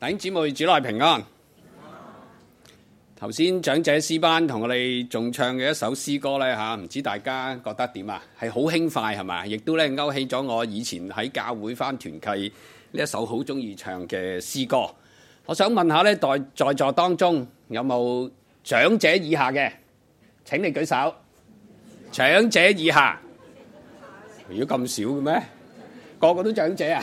弟兄姊妹，主內平安。頭先長者詩班同我哋仲唱嘅一首詩歌咧，吓，唔知大家覺得點啊？係好輕快係嘛？亦都咧勾起咗我以前喺教會返團契呢一首好中意唱嘅詩歌。我想問下咧，在在座當中有冇長者以下嘅？請你舉手。長者以下，如果咁少嘅咩？個個都長者啊？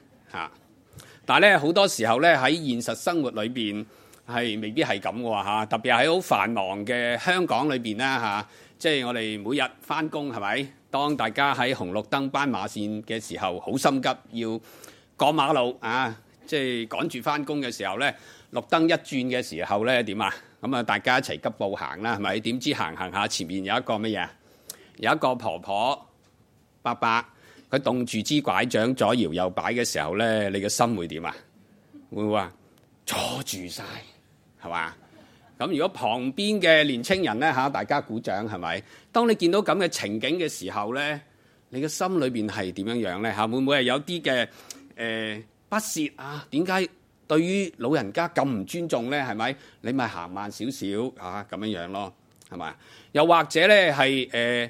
嚇！但係咧，好多時候咧，喺現實生活裏邊係未必係咁嘅喎嚇。特別喺好繁忙嘅香港裏邊啦嚇，即係我哋每日翻工係咪？當大家喺紅綠燈斑馬線嘅時候好心急要過馬路啊，即係趕住翻工嘅時候咧，綠燈一轉嘅時候咧點啊？咁啊，大家一齊急步行啦，係咪？點知行行下前面有一個乜嘢？有一個婆婆伯伯。佢動住支拐杖左搖右擺嘅時候咧，你嘅心會點啊？會唔會啊坐住曬係嘛？咁如果旁邊嘅年輕人咧嚇，大家鼓掌係咪？當你見到咁嘅情景嘅時候咧，你嘅心裏邊係點樣樣咧嚇？會唔會係有啲嘅誒不屑啊？點解對於老人家咁唔尊重咧？係咪你咪行慢少少嚇咁樣樣咯？係嘛？又或者咧係誒？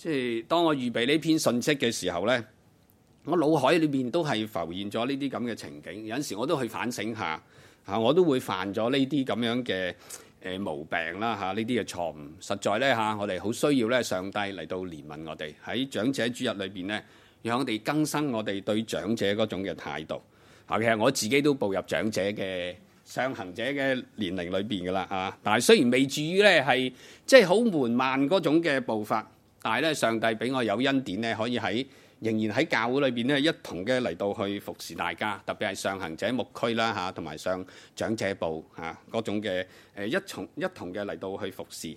即係當我預備呢篇信息嘅時候呢，我腦海裏面都係浮現咗呢啲咁嘅情景。有陣時候我都去反省一下，嚇我都會犯咗呢啲咁樣嘅誒毛病啦，嚇呢啲嘅錯誤。實在呢，嚇，我哋好需要呢上帝嚟到憐憫我哋喺長者主日裏邊呢，讓我哋更新我哋對長者嗰種嘅態度。嚇，其實我自己都步入長者嘅上行者嘅年齡裏邊噶啦，嚇！但係雖然未至於呢係即係好緩慢嗰種嘅步伐。但係咧，上帝俾我有恩典咧，可以喺仍然喺教會裏邊咧，一同嘅嚟到去服侍大家，特別係上行者牧區啦嚇，同埋上長者部嚇嗰種嘅誒一從一同嘅嚟到去服侍。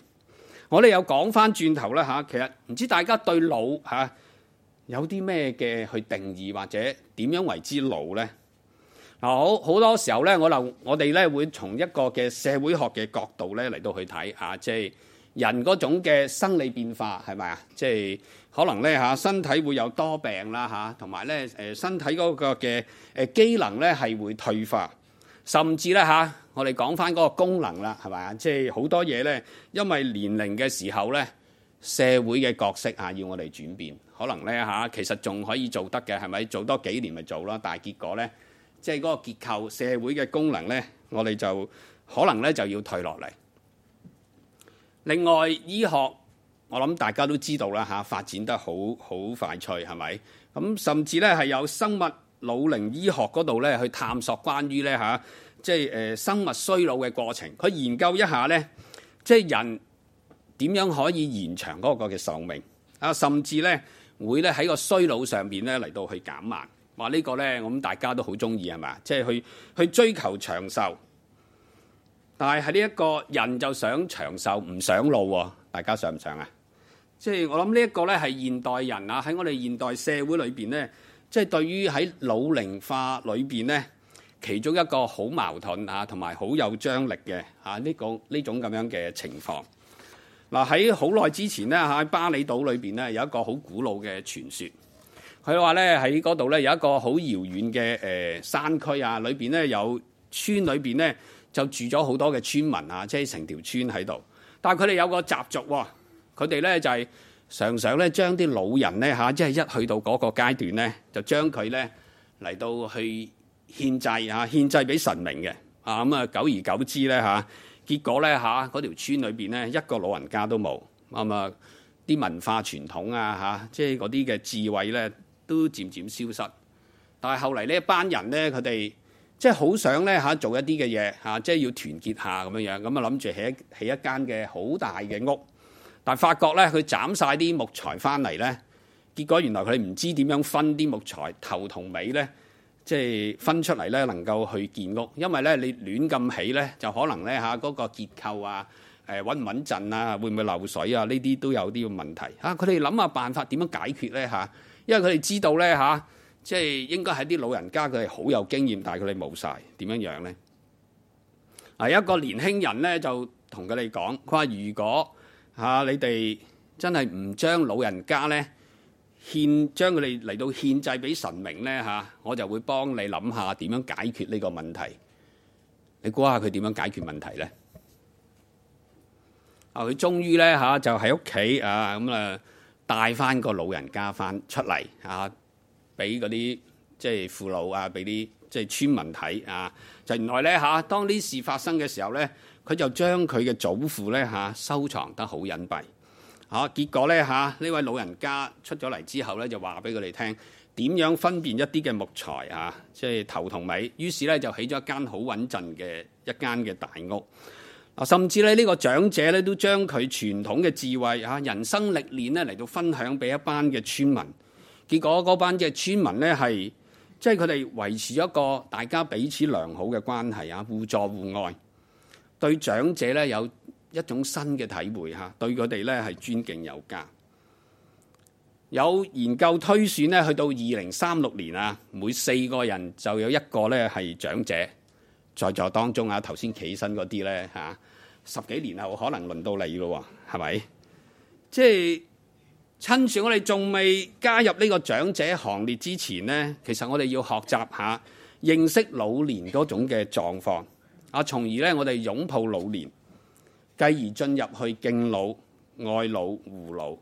我哋又講翻轉頭啦嚇，其實唔知大家對老嚇有啲咩嘅去定義或者點樣為之老呢？好好多時候呢，我諗我哋咧會從一個嘅社會學嘅角度咧嚟到去睇啊，即係。人嗰種嘅生理變化係咪啊？即係、就是、可能咧嚇，身體會有多病啦嚇，同埋咧誒，身體嗰個嘅誒機能咧係會退化，甚至咧嚇，我哋講返嗰個功能啦，係咪啊？即係好多嘢咧，因為年齡嘅時候咧，社會嘅角色呀要我哋轉變，可能咧嚇，其實仲可以做得嘅係咪？做多幾年咪做咯，但係結果咧，即係嗰個結構社會嘅功能咧，我哋就可能咧就要退落嚟。另外，醫學我諗大家都知道啦，吓發展得好好快脆，係咪？咁甚至咧，係有生物老齡醫學嗰度咧，去探索關於咧嚇，即係誒生物衰老嘅過程。佢研究一下咧，即係人點樣可以延長嗰個嘅壽命啊？甚至咧會咧喺個衰老上邊咧嚟到去減慢。話呢個咧，我諗大家都好中意係嘛？即係去去追求長壽。但係呢一個人就想長壽唔想老喎，啊，大家想唔想啊？即、就、係、是、我諗呢一個呢係現代人啊，喺我哋現代社會裏邊呢，即、就、係、是、對於喺老齡化裏邊呢，其中一個好矛盾啊，同埋好有張力嘅嚇呢個呢種咁樣嘅情況。嗱喺好耐之前呢，喺巴厘島裏邊呢，有一個好古老嘅傳說，佢話呢喺嗰度呢，有一個好遙遠嘅誒、呃、山區啊，裏邊呢有村裏邊呢。就住咗好多嘅村民啊，即係成條村喺度。但係佢哋有個習俗喎，佢、啊、哋呢就係、是、常常呢將啲老人呢，嚇、啊，即係一去到嗰個階段呢，就將佢呢嚟到去獻祭嚇、啊，獻祭俾神明嘅。啊咁啊、嗯，久而久之呢，嚇、啊，結果呢，嚇、啊、嗰條村裏邊呢，一個老人家都冇。咁啊，啲、啊、文化傳統啊嚇、啊，即係嗰啲嘅智慧呢，都漸漸消失。但係後嚟呢，一班人呢，佢哋。即係好想咧嚇做一啲嘅嘢嚇，即係要團結下咁樣樣，咁啊諗住起一起一間嘅好大嘅屋，但係發覺咧佢斬晒啲木材翻嚟咧，結果原來佢哋唔知點樣分啲木材頭同尾咧，即係分出嚟咧能夠去建屋，因為咧你亂咁起咧就可能咧嚇嗰個結構啊，誒穩唔穩陣啊，會唔會漏水啊？呢啲都有啲問題啊！佢哋諗下辦法點樣解決咧嚇，因為佢哋知道咧嚇。即係應該係啲老人家，佢哋好有經驗，但係佢哋冇晒點樣樣咧？啊，一個年輕人咧就同佢哋講，佢話如果嚇你哋真係唔將老人家咧獻，將佢哋嚟到獻祭俾神明咧嚇，我就會幫你諗下點樣解決呢個問題。你估下佢點樣解決問題咧？啊，佢終於咧嚇就喺屋企啊咁啊帶翻個老人家翻出嚟啊！俾嗰啲即係父老啊，俾啲即係村民睇啊！就原來咧嚇，當呢事發生嘅時候咧，佢就將佢嘅祖父咧嚇、啊、收藏得好隱蔽嚇、啊。結果咧嚇，呢、啊、位老人家出咗嚟之後咧，就話俾佢哋聽點樣分辨一啲嘅木材嚇、啊，即係頭同尾。於是咧就起咗一間好穩陣嘅一間嘅大屋。啊，甚至咧呢、呢個長者咧都將佢傳統嘅智慧嚇、啊、人生歷練咧嚟到分享俾一班嘅村民。結果嗰班嘅村民咧，係即係佢哋維持一個大家彼此良好嘅關係啊，互助互愛，對長者咧有一種新嘅體會嚇，對佢哋咧係尊敬有加。有研究推算咧，去到二零三六年啊，每四個人就有一個咧係長者，在座當中啊，頭先企身嗰啲咧嚇，十幾年後可能輪到你咯喎，係咪？即係。趁住我哋仲未加入呢個長者行列之前呢，其實我哋要學習下認識老年嗰種嘅狀況啊，從而呢，我哋擁抱老年，繼而進入去敬老、愛老、護老，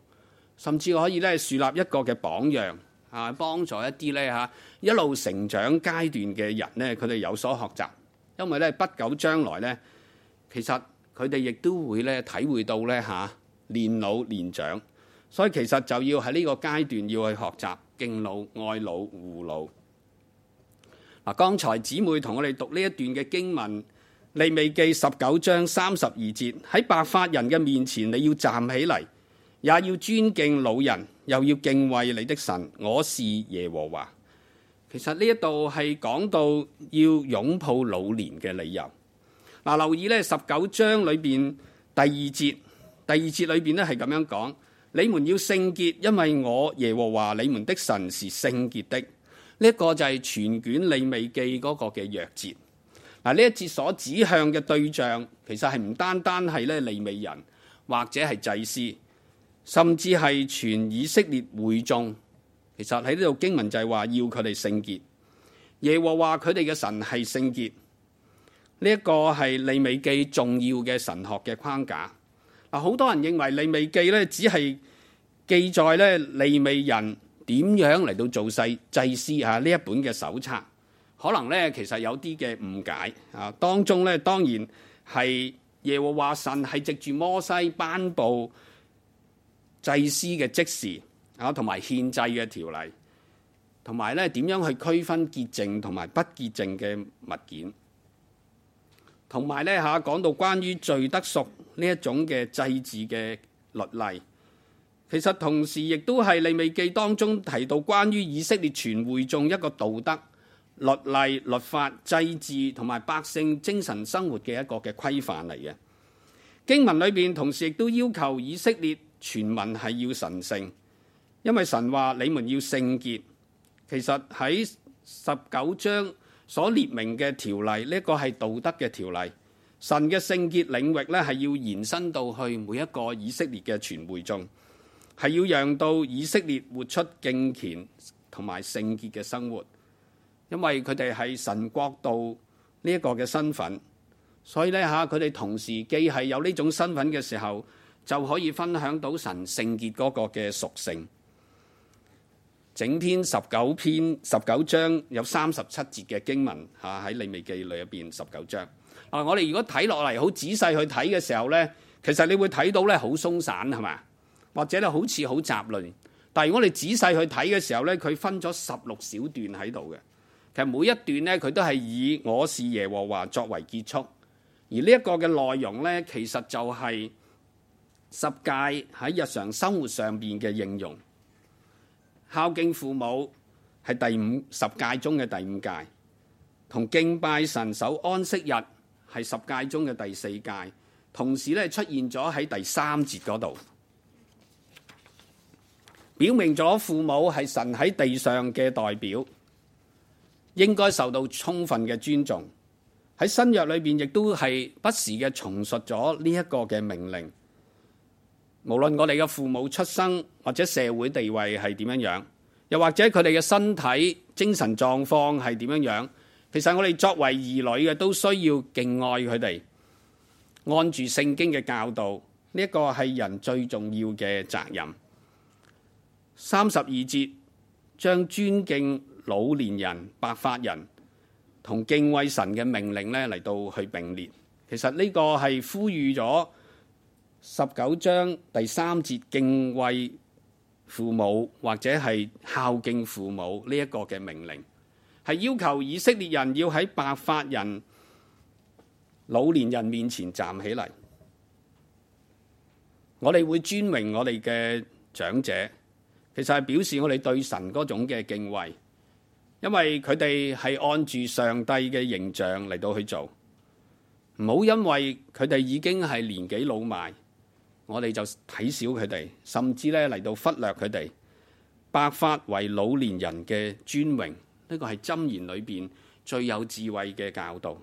甚至可以呢樹立一個嘅榜樣啊，幫助一啲咧吓一路成長階段嘅人呢，佢哋有所學習，因為呢不久將來呢，其實佢哋亦都會呢體會到呢吓年老年長。所以其實就要喺呢個階段要去學習敬老愛老護老嗱。剛才姊妹同我哋讀呢一段嘅經文，利未記十九章三十二節，喺白髮人嘅面前，你要站起嚟，也要尊敬老人，又要敬畏你的神。我是耶和華。其實呢一度係講到要擁抱老年嘅理由嗱。留意呢十九章裏面第二節，第二節，第二節裏面咧係咁樣講。你們要聖潔，因為我耶和華你們的神是聖潔的。呢、這、一個就係全卷利未記嗰個嘅鑰節。嗱，呢一節所指向嘅對象，其實係唔單單係咧利未人或者係祭司，甚至係全以色列會眾。其實喺呢度經文就係話要佢哋聖潔。耶和華佢哋嘅神係聖潔。呢、這、一個係利未記重要嘅神學嘅框架。嗱，好多人認為利未記咧只係。記載呢利未人點樣嚟到做世祭司啊，呢一本嘅手冊可能呢其實有啲嘅誤解啊，當中呢，當然係耶和華神係藉住摩西頒布祭司嘅即時啊，同埋獻祭嘅條例，同埋呢點樣去區分潔淨同埋不潔淨嘅物件，同埋呢嚇講到關於罪得贖呢一種嘅祭祀嘅律例。其實同時亦都係利未記當中提到關於以色列全會眾一個道德律例、律法、祭祀同埋百姓精神生活嘅一個嘅規範嚟嘅經文裏邊，同時亦都要求以色列全民係要神聖，因為神話你們要聖潔。其實喺十九章所列明嘅條例呢一個係道德嘅條例，神嘅聖潔領域呢，係要延伸到去每一個以色列嘅全會眾。係要讓到以色列活出敬虔同埋聖潔嘅生活，因為佢哋係神國度呢一個嘅身份，所以咧吓佢哋同時既係有呢種身份嘅時候，就可以分享到神聖潔嗰個嘅屬性。整篇十九篇十九章有三十七節嘅經文吓，喺利未記裏邊十九章啊，我哋如果睇落嚟好仔細去睇嘅時候咧，其實你會睇到咧好鬆散係嘛。或者咧好似好雜亂，但係我哋仔細去睇嘅時候咧，佢分咗十六小段喺度嘅。其實每一段咧，佢都係以我是耶和華作為結束。而呢一個嘅內容咧，其實就係十戒喺日常生活上面嘅應用。孝敬父母係第五十戒中嘅第五戒，同敬拜神守安息日係十戒中嘅第四戒，同時咧出現咗喺第三節嗰度。表明咗父母係神喺地上嘅代表，應該受到充分嘅尊重。喺新約裏邊，亦都係不時嘅重述咗呢一個嘅命令。無論我哋嘅父母出生或者社會地位係點樣樣，又或者佢哋嘅身體、精神狀況係點樣樣，其實我哋作為兒女嘅都需要敬愛佢哋。按住聖經嘅教導，呢一個係人最重要嘅責任。三十二節將尊敬老年人、白髮人同敬畏神嘅命令呢嚟，到去並列，其實呢個係呼籲咗十九章第三節敬畏父母或者係孝敬父母呢一個嘅命令，係要求以色列人要喺白髮人、老年人面前站起嚟，我哋會尊榮我哋嘅長者。其實係表示我哋對神嗰種嘅敬畏，因為佢哋係按住上帝嘅形象嚟到去做，唔好因為佢哋已經係年紀老邁，我哋就睇小佢哋，甚至咧嚟到忽略佢哋。白發為老年人嘅尊榮，呢、這個係箴言裏邊最有智慧嘅教導。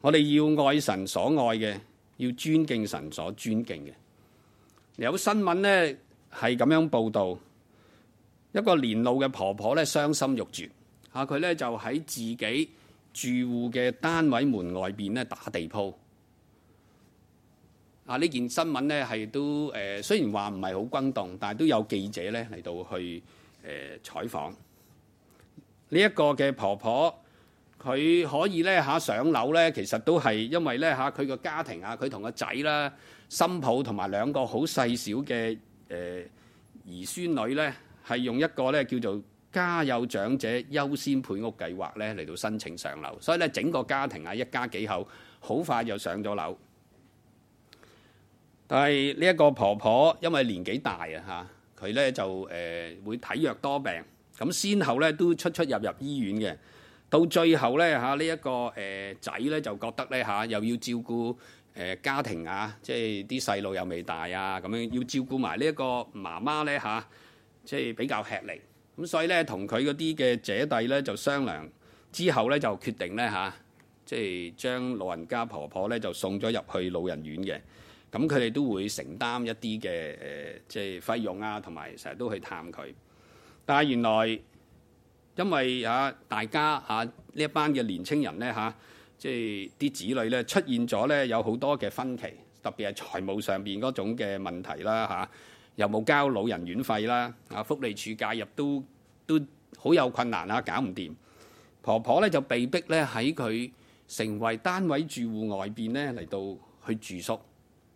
我哋要愛神所愛嘅，要尊敬神所尊敬嘅。有新聞呢，係咁樣報導，一個年老嘅婆婆咧傷心欲絕，嚇佢咧就喺自己住戶嘅單位門外邊咧打地鋪。啊！呢件新聞咧係都誒，雖然話唔係好轟動，但係都有記者咧嚟到去誒、呃、採訪。呢、這、一個嘅婆婆，佢可以咧嚇上樓咧，其實都係因為咧嚇佢個家庭啊，佢同個仔啦、新抱同埋兩個好細小嘅。誒兒孫女呢係用一個叫做家有長者優先配屋計劃呢嚟到申請上樓，所以呢整個家庭啊，一家幾口好快就上咗樓。但係呢一個婆婆因為年紀大啊，嚇佢呢就誒、呃、會體弱多病，咁先後呢都出出入入醫院嘅，到最後呢，呢、啊、一、個誒、呃、仔呢就覺得呢又要照顧。誒家庭啊，即係啲細路又未大啊，咁樣要照顧埋呢一個媽媽咧嚇，即係比較吃力。咁所以咧，同佢嗰啲嘅姐弟咧就商量之後咧，就決定咧嚇，即係將老人家婆婆咧就送咗入去老人院嘅。咁佢哋都會承擔一啲嘅誒，即係費用啊，同埋成日都去探佢。但係原來因為嚇大家嚇呢一班嘅年青人咧嚇。即係啲子女咧出現咗咧有好多嘅分歧，特別係財務上邊嗰種嘅問題啦嚇，又冇交老人院費啦，啊福利署介入都都好有困難啊，搞唔掂。婆婆咧就被逼咧喺佢成為單位住戶外邊咧嚟到去住宿，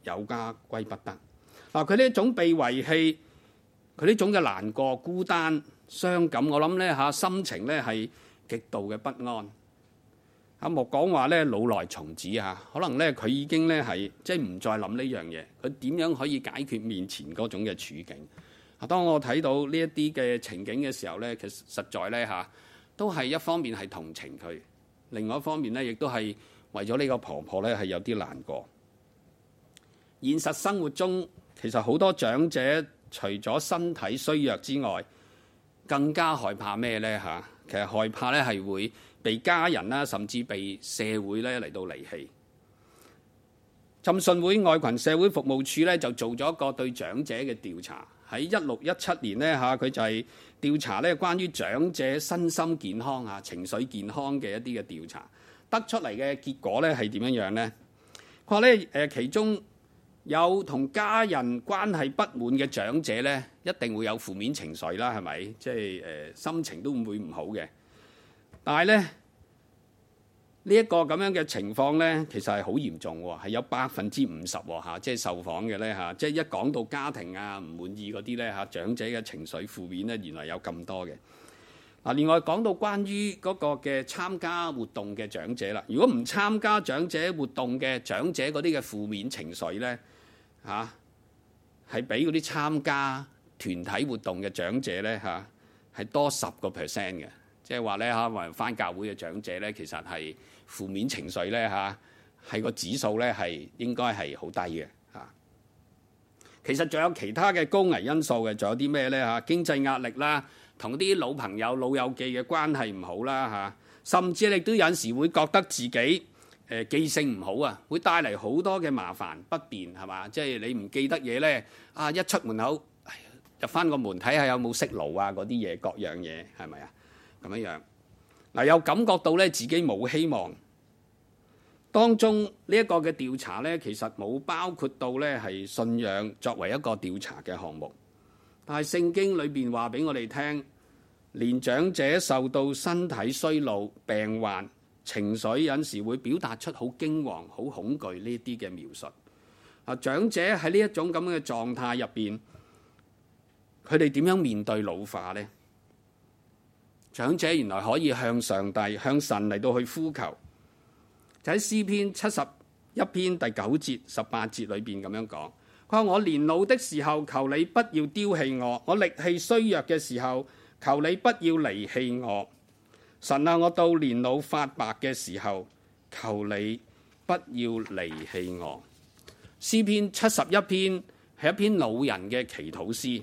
有家歸不得。嗱，佢呢種被遺棄，佢呢種嘅難過、孤單、傷感，我諗咧嚇心情咧係極度嘅不安。阿、啊、莫講話咧老來從子啊，可能咧佢已經咧係即係唔再諗呢樣嘢，佢點樣可以解決面前嗰種嘅處境？啊，當我睇到呢一啲嘅情景嘅時候咧，其實實在咧嚇，都係一方面係同情佢，另外一方面咧亦都係為咗呢個婆婆咧係有啲難過。現實生活中其實好多長者除咗身體衰弱之外，更加害怕咩咧嚇？其實害怕咧係會，被家人啦，甚至被社會咧嚟到離棄。浸信會愛群社會服務處咧就做咗一個對長者嘅調查，喺一六一七年咧嚇，佢就係調查咧關於長者身心健康啊、情緒健康嘅一啲嘅調查，得出嚟嘅結果咧係點樣樣咧？佢話咧誒，其中有同家人關係不滿嘅長者咧，一定會有負面情緒啦，係咪？即係誒，心情都唔會唔好嘅。但係咧，呢、這、一個咁樣嘅情況咧，其實係好嚴重喎，係有百分之五十喎嚇，即係受訪嘅咧嚇，即係、啊、一講到家庭啊唔滿意嗰啲咧嚇，長者嘅情緒負面咧原來有咁多嘅。嗱、啊，另外講到關於嗰個嘅參加活動嘅長者啦、啊，如果唔參加長者活動嘅長者嗰啲嘅負面情緒咧嚇，係、啊、比嗰啲參加團體活動嘅長者咧嚇係多十個 percent 嘅。的即係話咧嚇，返翻教會嘅長者咧，其實係負面情緒咧嚇，係個指數咧係應該係好低嘅嚇。其實仲有其他嘅高危因素嘅，仲有啲咩咧嚇？經濟壓力啦，同啲老朋友老友記嘅關係唔好啦嚇，甚至你都有時會覺得自己誒記性唔好啊，會帶嚟好多嘅麻煩不便係嘛？即係你唔記得嘢咧啊！一出門口入翻個門睇下有冇熄爐啊嗰啲嘢各樣嘢係咪啊？咁樣樣，嗱又感覺到咧自己冇希望。當中呢一個嘅調查呢，其實冇包括到呢係信仰作為一個調查嘅項目。但係聖經裏邊話俾我哋聽，連長者受到身體衰老、病患、情緒，有時會表達出好驚惶、好恐懼呢啲嘅描述。啊，長者喺呢一種咁嘅狀態入邊，佢哋點樣面對老化呢？長者原來可以向上帝、向神嚟到去呼求，就喺詩篇七十一篇第九節、十八節裏邊咁樣講：佢話我年老的時候，求你不要丟棄我；我力氣衰弱嘅時候，求你不要離棄我。神啊，我到年老髮白嘅時候，求你不要離棄我。詩篇七十一篇係一篇老人嘅祈禱詩。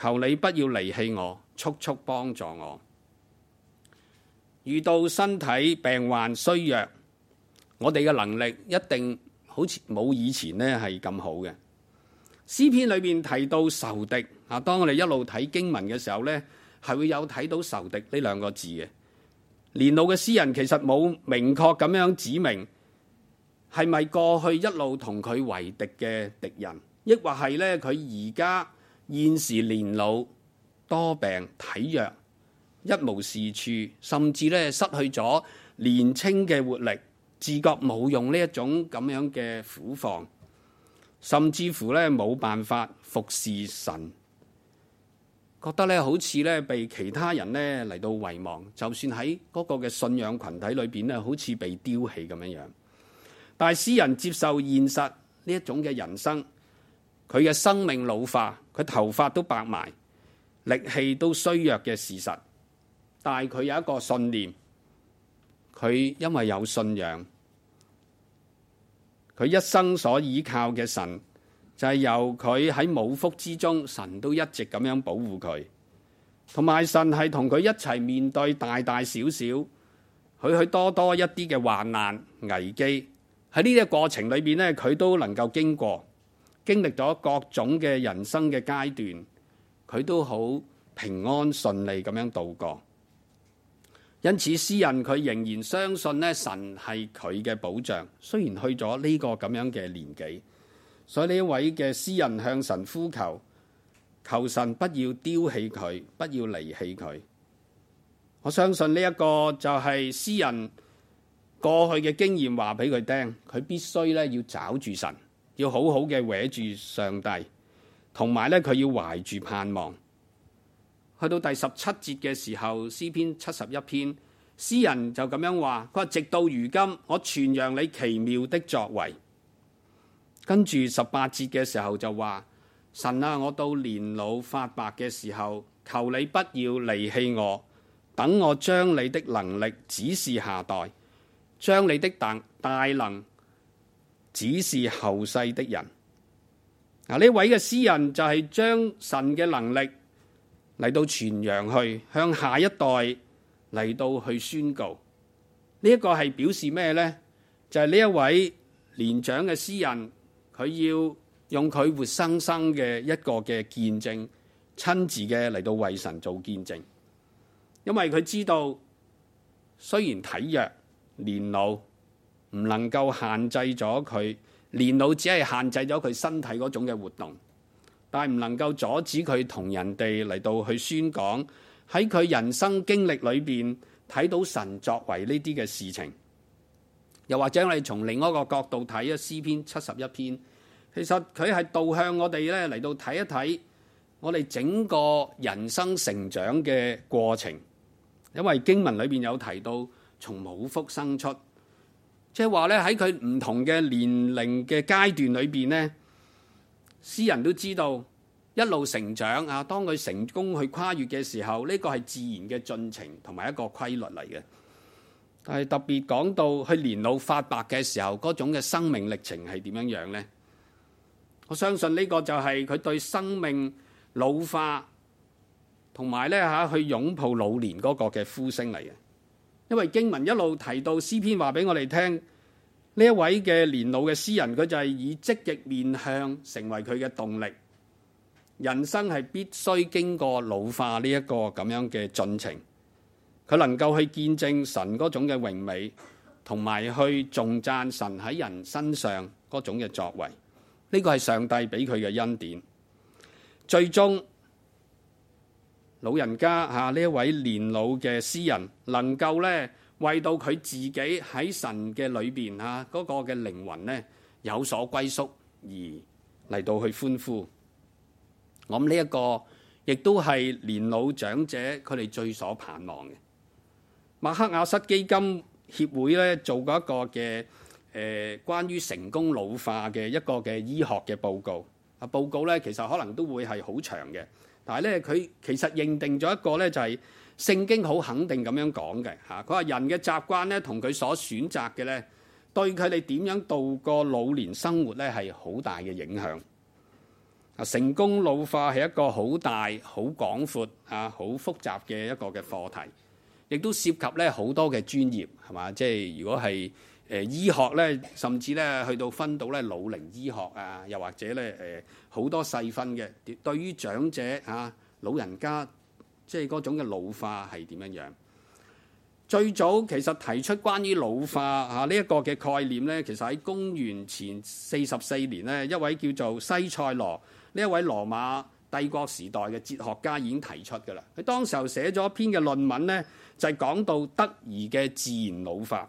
求你不要離棄我，速速幫助我。遇到身體病患衰弱，我哋嘅能力一定好似冇以前呢係咁好嘅。詩篇裏面提到仇敵啊，當我哋一路睇經文嘅時候呢，係會有睇到仇敵呢兩個字嘅。年老嘅詩人其實冇明確咁樣指明係咪過去一路同佢為敵嘅敵人，抑或係呢佢而家。現時年老多病體弱，一無是處，甚至咧失去咗年輕嘅活力，自覺冇用呢一種咁樣嘅苦況，甚至乎咧冇辦法服侍神，覺得咧好似咧被其他人咧嚟到遺忘，就算喺嗰個嘅信仰群體裏邊咧，好似被丟棄咁樣樣。但係，詩人接受現實呢一種嘅人生，佢嘅生命老化。佢頭髮都白埋，力氣都衰弱嘅事實，但佢有一個信念，佢因為有信仰，佢一生所倚靠嘅神就係、是、由佢喺母腹之中，神都一直咁樣保護佢，同埋神係同佢一齊面對大大小小、許許多多一啲嘅患難危機。喺呢個過程裏邊呢，佢都能夠經過。經歷咗各種嘅人生嘅階段，佢都好平安順利咁樣度過。因此，詩人佢仍然相信咧，神係佢嘅保障。雖然去咗呢個咁樣嘅年紀，所以呢一位嘅詩人向神呼求，求神不要丟棄佢，不要離棄佢。我相信呢一個就係詩人過去嘅經驗告訴他，話俾佢聽，佢必須咧要找住神。要好好嘅握住上帝，同埋呢，佢要懷住盼望。去到第十七節嘅時候，詩篇七十一篇，詩人就咁樣話：佢話直到如今，我傳揚你奇妙的作為。跟住十八節嘅時候就話：神啊，我到年老髮白嘅時候，求你不要離棄我，等我將你的能力指示下代，將你的大大能。只是後世的人。嗱，呢位嘅詩人就係將神嘅能力嚟到傳揚去，向下一代嚟到去宣告。呢一個係表示咩呢？就係呢一位年長嘅詩人，佢要用佢活生生嘅一個嘅見證，親自嘅嚟到為神做見證，因為佢知道雖然體弱年老。唔能夠限制咗佢年老，只係限制咗佢身體嗰種嘅活動，但係唔能夠阻止佢同人哋嚟到去宣講，喺佢人生經歷裏邊睇到神作為呢啲嘅事情，又或者我哋從另外一個角度睇啊，《詩篇》七十一篇，其實佢係導向我哋咧嚟到睇一睇我哋整個人生成長嘅過程，因為經文裏邊有提到從母腹生出。即係話咧，喺佢唔同嘅年齡嘅階段裏邊呢詩人都知道一路成長啊。當佢成功去跨越嘅時候，呢個係自然嘅進程同埋一個規律嚟嘅。但係特別講到佢年老發白嘅時候，嗰種嘅生命歷程係點樣樣呢？我相信呢個就係佢對生命老化同埋呢嚇去擁抱老年嗰個嘅呼聲嚟嘅。因為經文一路提到詩篇話俾我哋聽，呢一位嘅年老嘅詩人，佢就係以積極面向成為佢嘅動力。人生係必須經過老化呢一個咁樣嘅進程，佢能夠去見證神嗰種嘅榮美，同埋去重讚神喺人身上嗰種嘅作為。呢、呢個係上帝俾佢嘅恩典，最終。老人家嚇，呢一位年老嘅詩人，能夠呢為到佢自己喺神嘅裏邊嚇嗰個嘅靈魂呢有所歸宿而嚟到去歡呼，我諗呢一個亦都係年老長者佢哋最所盼望嘅。麥克亞瑟基金協會呢做過一個嘅誒、呃、關於成功老化嘅一個嘅醫學嘅報告。啊報告咧，其實可能都會係好長嘅，但係咧佢其實認定咗一個咧就係聖經好肯定咁樣講嘅嚇，佢話人嘅習慣咧同佢所選擇嘅咧，對佢哋點樣度過老年生活咧係好大嘅影響。啊，成功老化係一個好大、好廣闊、啊好複雜嘅一個嘅課題，亦都涉及咧好多嘅專業係嘛，即係如果係。誒、呃、醫學咧，甚至咧去到分到咧老齡醫學啊，又或者咧誒好多細分嘅，對於長者嚇、啊、老人家，即係嗰種嘅老化係點樣樣？最早其實提出關於老化嚇呢、啊、一個嘅概念咧，其實喺公元前四十四年咧，一位叫做西塞羅呢一位羅馬帝國時代嘅哲學家已經提出噶啦。佢當時候寫咗一篇嘅論文呢就係、是、講到得宜嘅自然老化。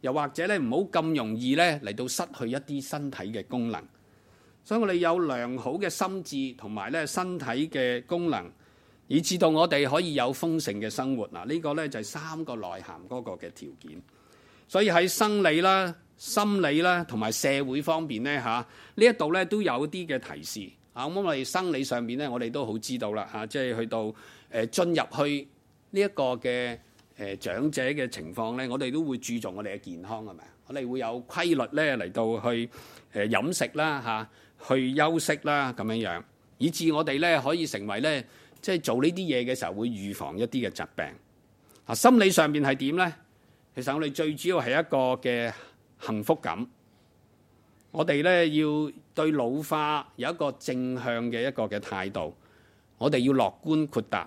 又或者咧，唔好咁容易咧嚟到失去一啲身體嘅功能，所以我哋有良好嘅心智同埋咧身體嘅功能，以至到我哋可以有豐盛嘅生活。嗱，呢個咧就係三個內涵嗰個嘅條件。所以喺生理啦、心理啦同埋社會方面咧嚇，呢一度咧都有啲嘅提示啊。咁我哋生理上面咧，我哋都好知道啦嚇，即係去到誒進入去呢一個嘅。誒長者嘅情況呢，我哋都會注重我哋嘅健康，係咪啊？我哋會有規律呢嚟到去誒飲食啦嚇，去休息啦咁樣樣，以致我哋呢，可以成為呢，即係做呢啲嘢嘅時候會預防一啲嘅疾病。嚇，心理上面係點呢？其實我哋最主要係一個嘅幸福感。我哋呢，要對老化有一個正向嘅一個嘅態度。我哋要樂觀豁達。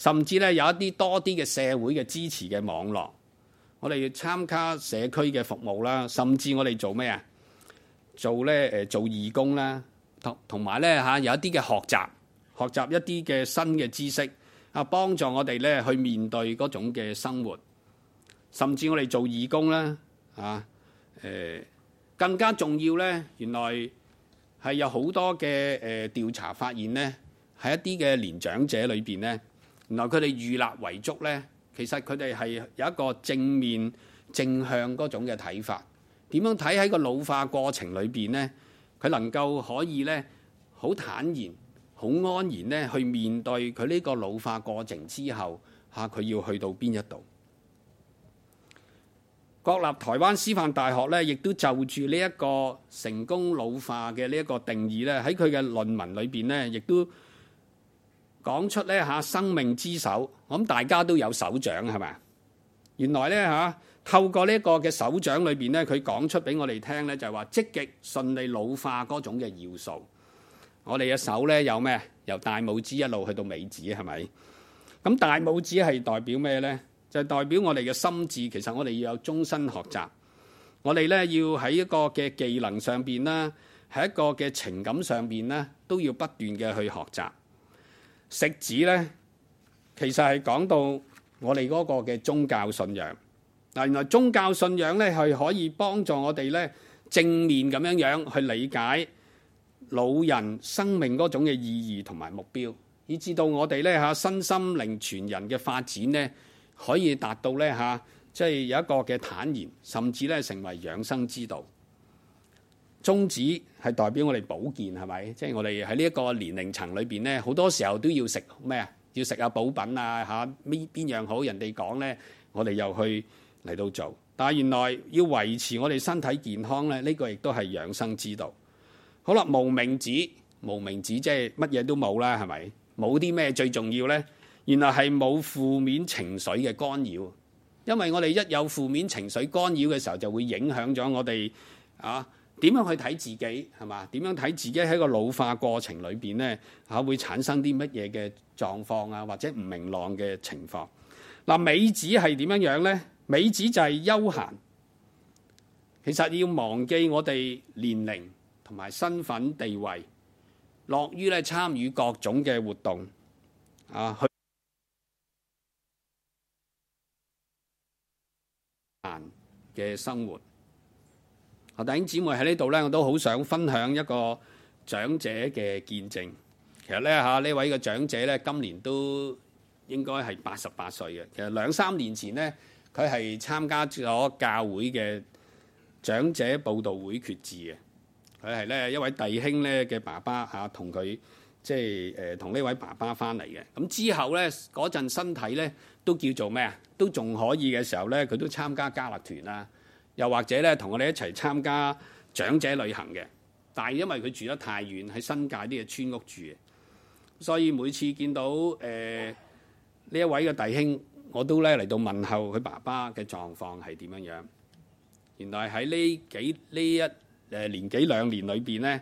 甚至咧有一啲多啲嘅社會嘅支持嘅網絡，我哋要參加社區嘅服務啦，甚至我哋做咩啊？做咧誒、呃、做義工啦，同同埋咧嚇有一啲嘅學習，學習一啲嘅新嘅知識啊，幫助我哋咧去面對嗰種嘅生活。甚至我哋做義工啦，啊誒、呃、更加重要咧，原來係有好多嘅誒調查發現咧，喺一啲嘅年長者裏邊咧。原來佢哋預立遺囑呢，其實佢哋係有一個正面、正向嗰種嘅睇法。點樣睇喺個老化過程裏邊呢？佢能夠可以呢，好坦然、好安然呢去面對佢呢個老化過程之後，嚇、啊、佢要去到邊一度？國立台灣師範大學呢，亦都就住呢一個成功老化嘅呢一個定義呢，喺佢嘅論文裏邊呢，亦都，講出咧嚇生命之手，我諗大家都有手掌係咪？原來咧嚇透過呢一個嘅手掌裏邊咧，佢講出俾我哋聽咧，就係話積極順利老化嗰種嘅要素。我哋嘅手咧有咩？由大拇指一路去到尾指係咪？咁大拇指係代表咩咧？就係代表我哋嘅心智，其實我哋要有終身學習。我哋咧要喺一個嘅技能上邊啦，喺一個嘅情感上邊咧，都要不斷嘅去學習。食指呢，其實係講到我哋嗰個嘅宗教信仰。嗱，原來宗教信仰呢，係可以幫助我哋呢正面咁樣樣去理解老人生命嗰種嘅意義同埋目標，以至到我哋呢，身心靈全人嘅發展呢，可以達到呢，即係有一個嘅坦然，甚至呢成為養生之道宗旨。係代表我哋保健係咪？即係我哋喺呢一個年齡層裏邊咧，好多時候都要食咩啊？要食下補品啊！嚇，咩邊樣好人哋講咧，我哋又去嚟到做。但係原來要維持我哋身體健康咧，呢個亦都係養生之道。好啦，無名指、無名指即係乜嘢都冇啦，係咪？冇啲咩最重要咧？原來係冇負面情緒嘅干擾，因為我哋一有負面情緒干擾嘅時候，就會影響咗我哋啊。點樣去睇自己係嘛？點樣睇自己喺個老化過程裏邊咧吓，會產生啲乜嘢嘅狀況啊？或者唔明朗嘅情況。嗱、啊，美子係點樣樣咧？美子就係休閒。其實要忘記我哋年齡同埋身份地位，樂於咧參與各種嘅活動啊，去閒嘅生活。弟兄姊妹喺呢度咧，我都好想分享一個長者嘅見證。其實咧嚇呢位嘅長者咧，今年都應該係八十八歲嘅。其實兩三年前咧，佢係參加咗教會嘅長者佈道會決志嘅。佢係咧一位弟兄咧嘅爸爸嚇，同佢即係誒同呢位爸爸返嚟嘅。咁之後咧嗰陣身體咧都叫做咩啊？都仲可以嘅時候咧，佢都參加加勒團啊。又或者咧，同我哋一齊參加長者旅行嘅，但係因為佢住得太遠，喺新界啲嘅村屋住，所以每次見到誒呢、呃、一位嘅弟兄，我都咧嚟到問候佢爸爸嘅狀況係點樣樣。原來喺呢幾呢一誒年幾兩年裏邊呢，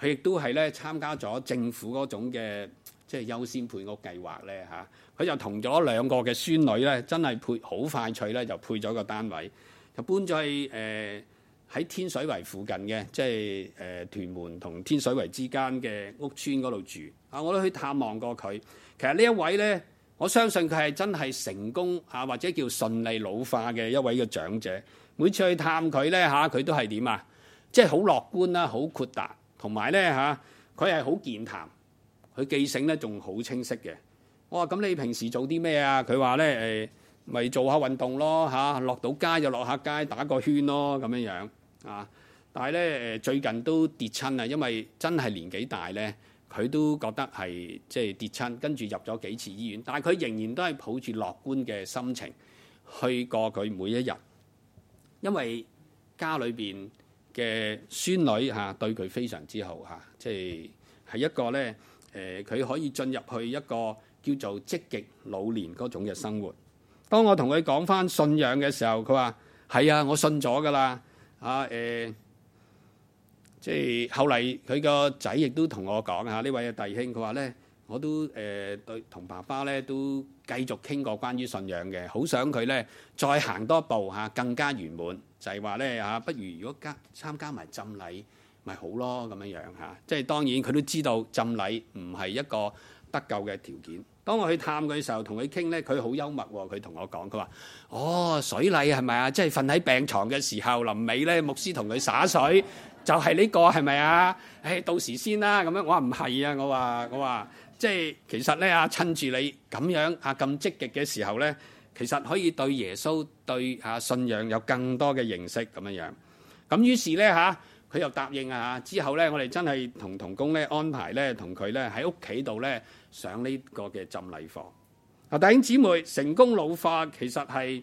佢亦都係咧參加咗政府嗰種嘅即係優先配屋計劃咧嚇。佢、啊、就同咗兩個嘅孫女咧，真係配好快脆咧，就配咗個單位。搬咗去誒喺、呃、天水圍附近嘅，即係誒、呃、屯門同天水圍之間嘅屋村嗰度住。啊，我都去探望過佢。其實呢一位咧，我相信佢係真係成功嚇，或者叫順利老化嘅一位嘅長者。每次去探佢咧嚇，佢都係點啊？是即係好樂觀啦，好闊達，同埋咧嚇，佢係好健談，佢記性咧仲好清晰嘅。我話咁，你平時做啲咩啊？佢話咧誒。呃咪做下運動咯，嚇落到街就落下街打個圈咯，咁樣樣啊。但係咧，最近都跌親啊，因為真係年紀大咧，佢都覺得係即係跌親，跟住入咗幾次醫院。但係佢仍然都係抱住樂觀嘅心情去過佢每一日，因為家裏邊嘅孫女嚇對佢非常之好嚇，即係係一個咧誒，佢可以進入去一個叫做積極老年嗰種嘅生活。當我同佢講翻信仰嘅時候，佢話：係啊，我信咗㗎啦。啊誒，即係後嚟佢個仔亦都同我講嚇，呢位弟兄佢話咧，我都誒對同爸爸咧都繼續傾過關於信仰嘅，好想佢咧再行多一步嚇，更加圓滿。就係話咧嚇，不如如果加參加埋浸禮，咪好咯咁樣樣嚇。即係當然佢都知道浸禮唔係一個得救嘅條件。當我去探佢嘅時候，同佢傾咧，佢好幽默喎。佢同我講：佢話哦，水禮係咪啊？即係瞓喺病牀嘅時候，臨尾咧牧師同佢灑水，就係呢個係咪啊？誒，到時先啦。咁樣我話唔係啊，我話我話，即係其實咧啊，趁住你咁樣啊咁積極嘅時候咧，其實可以對耶穌對嚇信仰有更多嘅認識咁樣樣。咁於是咧嚇，佢又答應啊嚇。之後咧，我哋真係同同工咧安排咧，同佢咧喺屋企度咧。上呢個嘅浸禮課，啊弟兄姊妹，成功老化其實係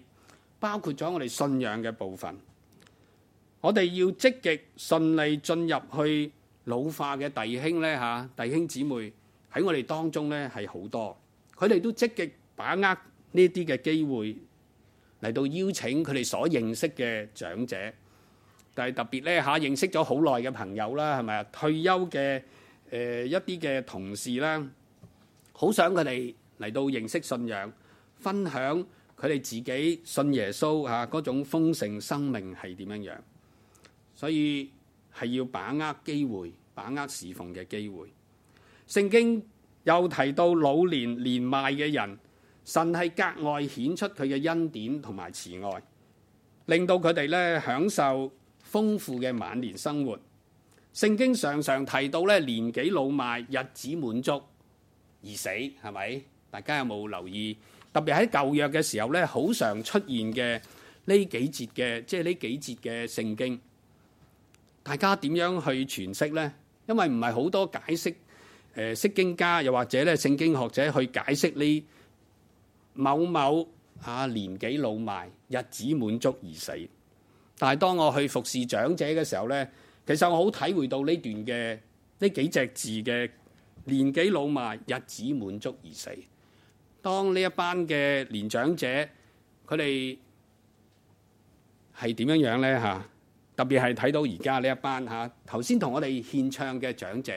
包括咗我哋信仰嘅部分。我哋要積極順利進入去老化嘅弟兄呢吓，弟兄姊妹喺我哋當中呢係好多，佢哋都積極把握呢啲嘅機會嚟到邀請佢哋所認識嘅長者，但係特別呢吓認識咗好耐嘅朋友啦，係咪啊？退休嘅誒一啲嘅同事啦。好想佢哋嚟到認識信仰，分享佢哋自己信耶穌嗰種豐盛生命係點樣。所以係要把握機會，把握事奉嘅機會。聖經又提到老年年邁嘅人，神係格外顯出佢嘅恩典同埋慈愛，令到佢哋咧享受豐富嘅晚年生活。聖經常常提到咧年紀老邁，日子滿足。而死，係咪？大家有冇留意？特別喺舊約嘅時候咧，好常出現嘅呢幾節嘅，即係呢幾節嘅聖經，大家點樣去詮釋咧？因為唔係好多解釋，誒，釋經家又或者咧聖經學者去解釋呢某某啊年紀老邁，日子滿足而死。但係當我去服侍長者嘅時候咧，其實我好體會到呢段嘅呢幾隻字嘅。年紀老邁，日子滿足而死。當呢一班嘅年長者，佢哋係點樣樣呢？吓，特別係睇到而家呢一班吓，頭先同我哋獻唱嘅長者，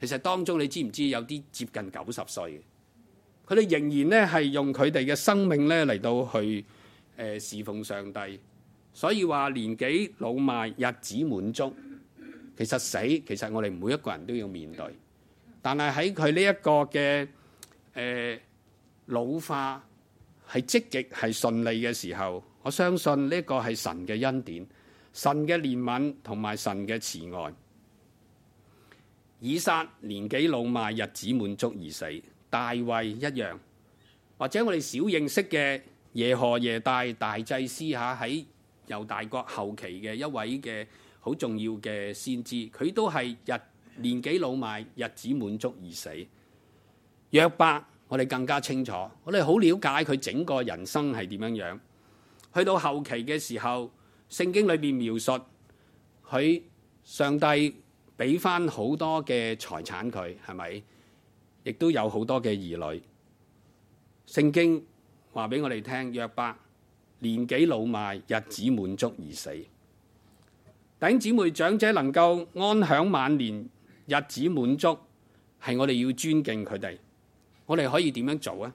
其實當中你知唔知有啲接近九十歲嘅？佢哋仍然咧係用佢哋嘅生命咧嚟到去，呃、侍奉上帝。所以話年紀老邁，日子滿足，其實死，其實我哋每一個人都要面對。但係喺佢呢一個嘅誒、呃、老化係積極係順利嘅時候，我相信呢個係神嘅恩典、神嘅憐憫同埋神嘅慈愛以。以撒年紀老邁，日子滿足而死；大衛一樣，或者我哋小認識嘅耶何耶大大祭司下喺猶大國後期嘅一位嘅好重要嘅先知，佢都係日。年紀老邁，日子滿足而死。約伯，我哋更加清楚，我哋好了解佢整個人生係點樣樣。去到後期嘅時候，聖經裏邊描述佢上帝俾返好多嘅財產，佢係咪？亦都有好多嘅兒女。聖經話俾我哋聽，約伯年紀老邁，日子滿足而死。頂姊妹、長者能夠安享晚年。日子滿足，係我哋要尊敬佢哋，我哋可以點樣做啊？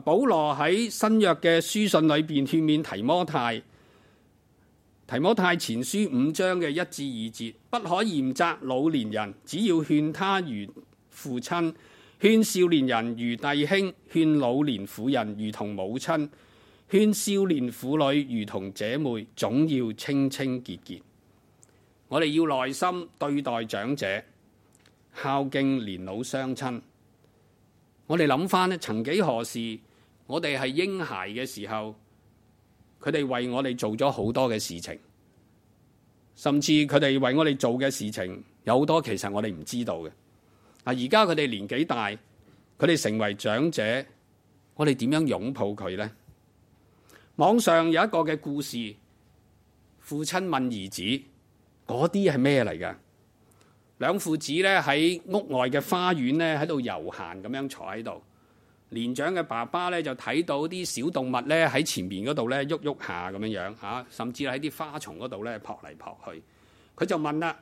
保羅喺新約嘅書信裏邊勸勉提摩太，提摩太前書五章嘅一至二節，不可嚴責老年人，只要勸他如父親；勸少年人如弟兄；勸老年婦人如同母親；勸少年婦女如同姐妹，總要清清潔潔。我哋要耐心對待長者，孝敬年老雙親。我哋諗翻呢，曾幾何時，我哋係嬰孩嘅時候，佢哋為我哋做咗好多嘅事情，甚至佢哋為我哋做嘅事情有好多，其實我哋唔知道嘅。啊，而家佢哋年紀大，佢哋成為長者，我哋點樣擁抱佢呢？網上有一個嘅故事，父親問兒子。嗰啲係咩嚟噶？兩父子咧喺屋外嘅花園咧喺度悠閒咁樣坐喺度。年長嘅爸爸咧就睇到啲小動物咧喺前面嗰度咧喐喐下咁樣樣吓、啊，甚至喺啲花叢嗰度咧撲嚟撲去。佢就問啦：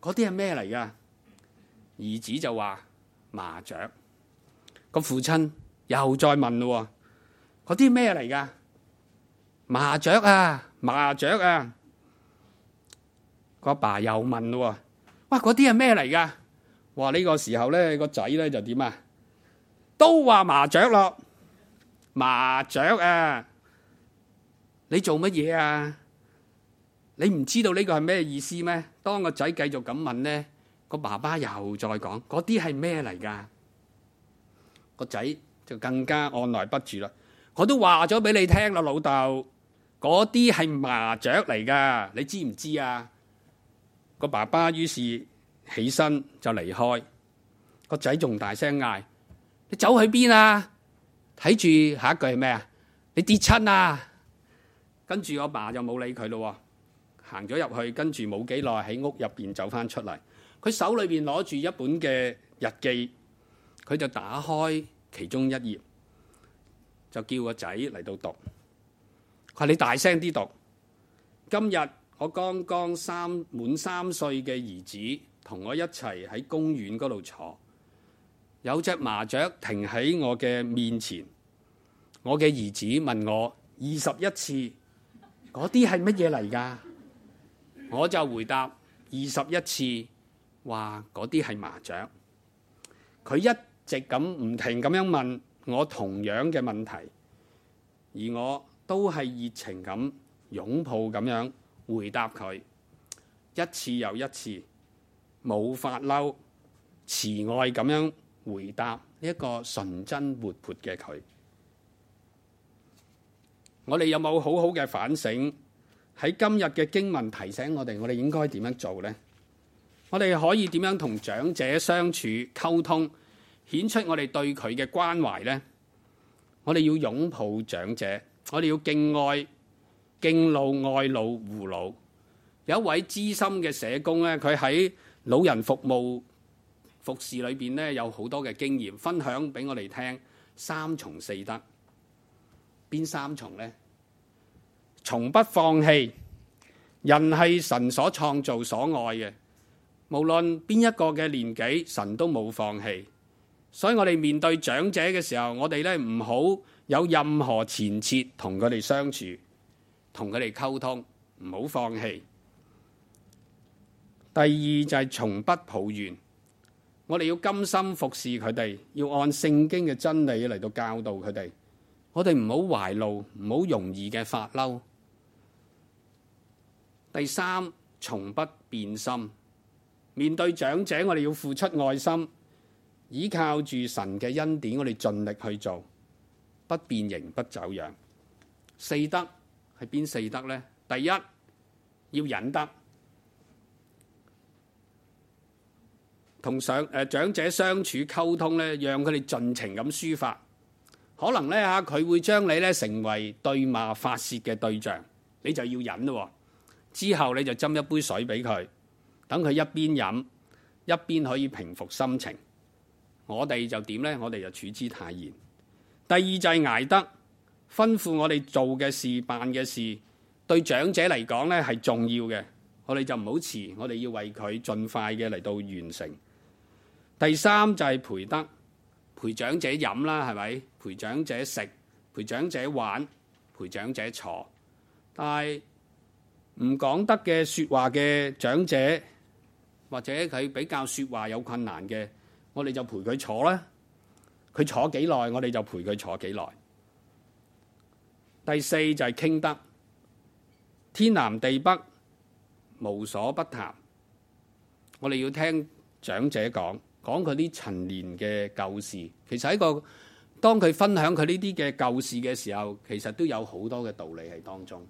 嗰啲係咩嚟噶？兒子就話麻雀。個父親又再問咯：嗰啲咩嚟噶？麻雀啊，麻雀啊！個爸又問咯，哇！嗰啲係咩嚟噶？哇！呢個時候咧，個仔咧就點啊？都話麻雀咯，麻雀啊！你做乜嘢啊？你唔知道呢個係咩意思咩？當個仔繼續咁問咧，個爸爸又再講：嗰啲係咩嚟噶？個仔就更加按捺不住啦！我都話咗俾你聽啦，老豆，嗰啲係麻雀嚟噶，你知唔知啊？我爸爸於是起身就離開，個仔仲大聲嗌：你走去邊啊？睇住下一句係咩啊？你跌親啊！跟住我爸就冇理佢咯，行咗入去，跟住冇幾耐喺屋入邊走翻出嚟，佢手裏邊攞住一本嘅日記，佢就打開其中一頁，就叫個仔嚟到讀，佢話你大聲啲讀，今日。我剛剛三滿三歲嘅兒子同我一齊喺公園嗰度坐，有隻麻雀停喺我嘅面前。我嘅兒子問我二十一次，嗰啲係乜嘢嚟㗎？我就回答二十一次，話嗰啲係麻雀。佢一直咁唔停咁樣問我同樣嘅問題，而我都係熱情咁擁抱咁樣。回答佢一次又一次，冇發嬲，慈愛咁樣回答呢一個純真活潑嘅佢。我哋有冇好好嘅反省？喺今日嘅經文提醒我哋，我哋應該點樣做呢？我哋可以點樣同長者相處、溝通，顯出我哋對佢嘅關懷呢？我哋要擁抱長者，我哋要敬愛。敬老、愛老、護老。有一位資深嘅社工咧，佢喺老人服務服侍裏邊咧有好多嘅經驗，分享俾我哋聽。三從四德，邊三從咧？從不放棄，人係神所創造、所愛嘅，無論邊一個嘅年紀，神都冇放棄。所以我哋面對長者嘅時候，我哋咧唔好有任何前設同佢哋相處。同佢哋溝通，唔好放棄。第二就係從不抱怨，我哋要甘心服侍佢哋，要按聖經嘅真理嚟到教導佢哋。我哋唔好懷怒，唔好容易嘅發嬲。第三從不變心，面對長者我哋要付出愛心，依靠住神嘅恩典，我哋盡力去做，不變形，不走樣。四得。邊四德？呢第一要忍得，同上誒、呃、長者相處溝通呢讓佢哋盡情咁抒發。可能呢，吓佢會將你咧成為對罵發泄嘅對象，你就要忍咯。之後你就斟一杯水俾佢，等佢一邊飲一邊可以平復心情。我哋就點呢？我哋就處之泰然。第二就係捱得。吩咐我哋做嘅事、辦嘅事，對長者嚟講呢係重要嘅。我哋就唔好遲，我哋要為佢盡快嘅嚟到完成。第三就係陪得，陪長者飲啦，係咪？陪長者食，陪長者玩，陪長者坐。但係唔講得嘅説話嘅長者，或者佢比較説話有困難嘅，我哋就陪佢坐啦。佢坐幾耐，我哋就陪佢坐幾耐。第四就係傾得天南地北，無所不談。我哋要聽長者講講佢啲陳年嘅舊事。其實喺個當佢分享佢呢啲嘅舊事嘅時候，其實都有好多嘅道理喺當中。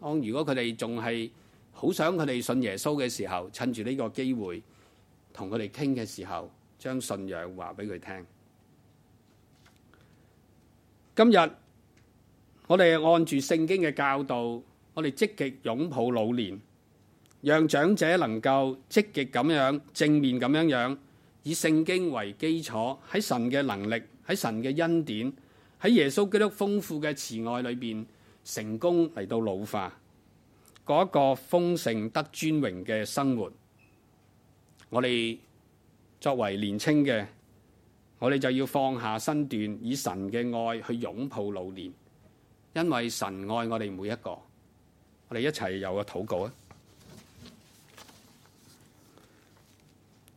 當如果佢哋仲係好想佢哋信耶穌嘅時候，趁住呢個機會同佢哋傾嘅時候，將信仰話俾佢聽。今日。我哋按住聖經嘅教導，我哋積極擁抱老年，讓長者能夠積極咁樣，正面咁樣樣，以聖經為基礎，喺神嘅能力，喺神嘅恩典，喺耶穌基督豐富嘅慈愛裏邊，成功嚟到老化，過一個豐盛得尊榮嘅生活。我哋作為年青嘅，我哋就要放下身段，以神嘅愛去擁抱老年。因為神愛我哋每一個，我哋一齊有個禱告啊！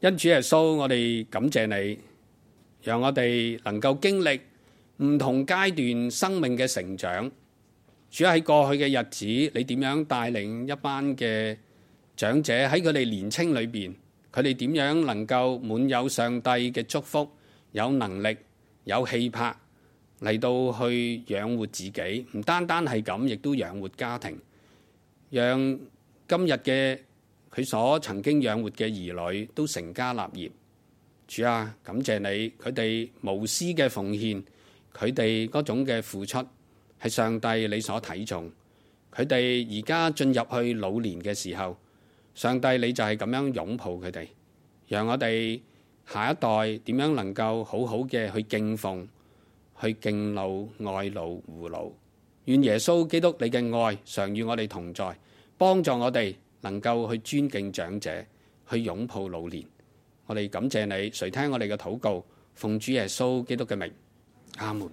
恩主耶穌，我哋感謝你，讓我哋能夠經歷唔同階段生命嘅成長。主喺過去嘅日子，你點樣帶領一班嘅長者喺佢哋年青裏邊，佢哋點樣能夠滿有上帝嘅祝福，有能力，有氣魄。嚟到去養活自己，唔單單係咁，亦都養活家庭，讓今日嘅佢所曾經養活嘅兒女都成家立業。主啊，感謝你佢哋無私嘅奉獻，佢哋嗰種嘅付出係上帝你所睇重。佢哋而家進入去老年嘅時候，上帝你就係咁樣擁抱佢哋，讓我哋下一代點樣能夠好好嘅去敬奉。去敬老、愛老、護老，願耶穌基督你嘅愛常與我哋同在，幫助我哋能夠去尊敬長者，去擁抱老年。我哋感謝你，垂聽我哋嘅禱告，奉主耶穌基督嘅名，阿門。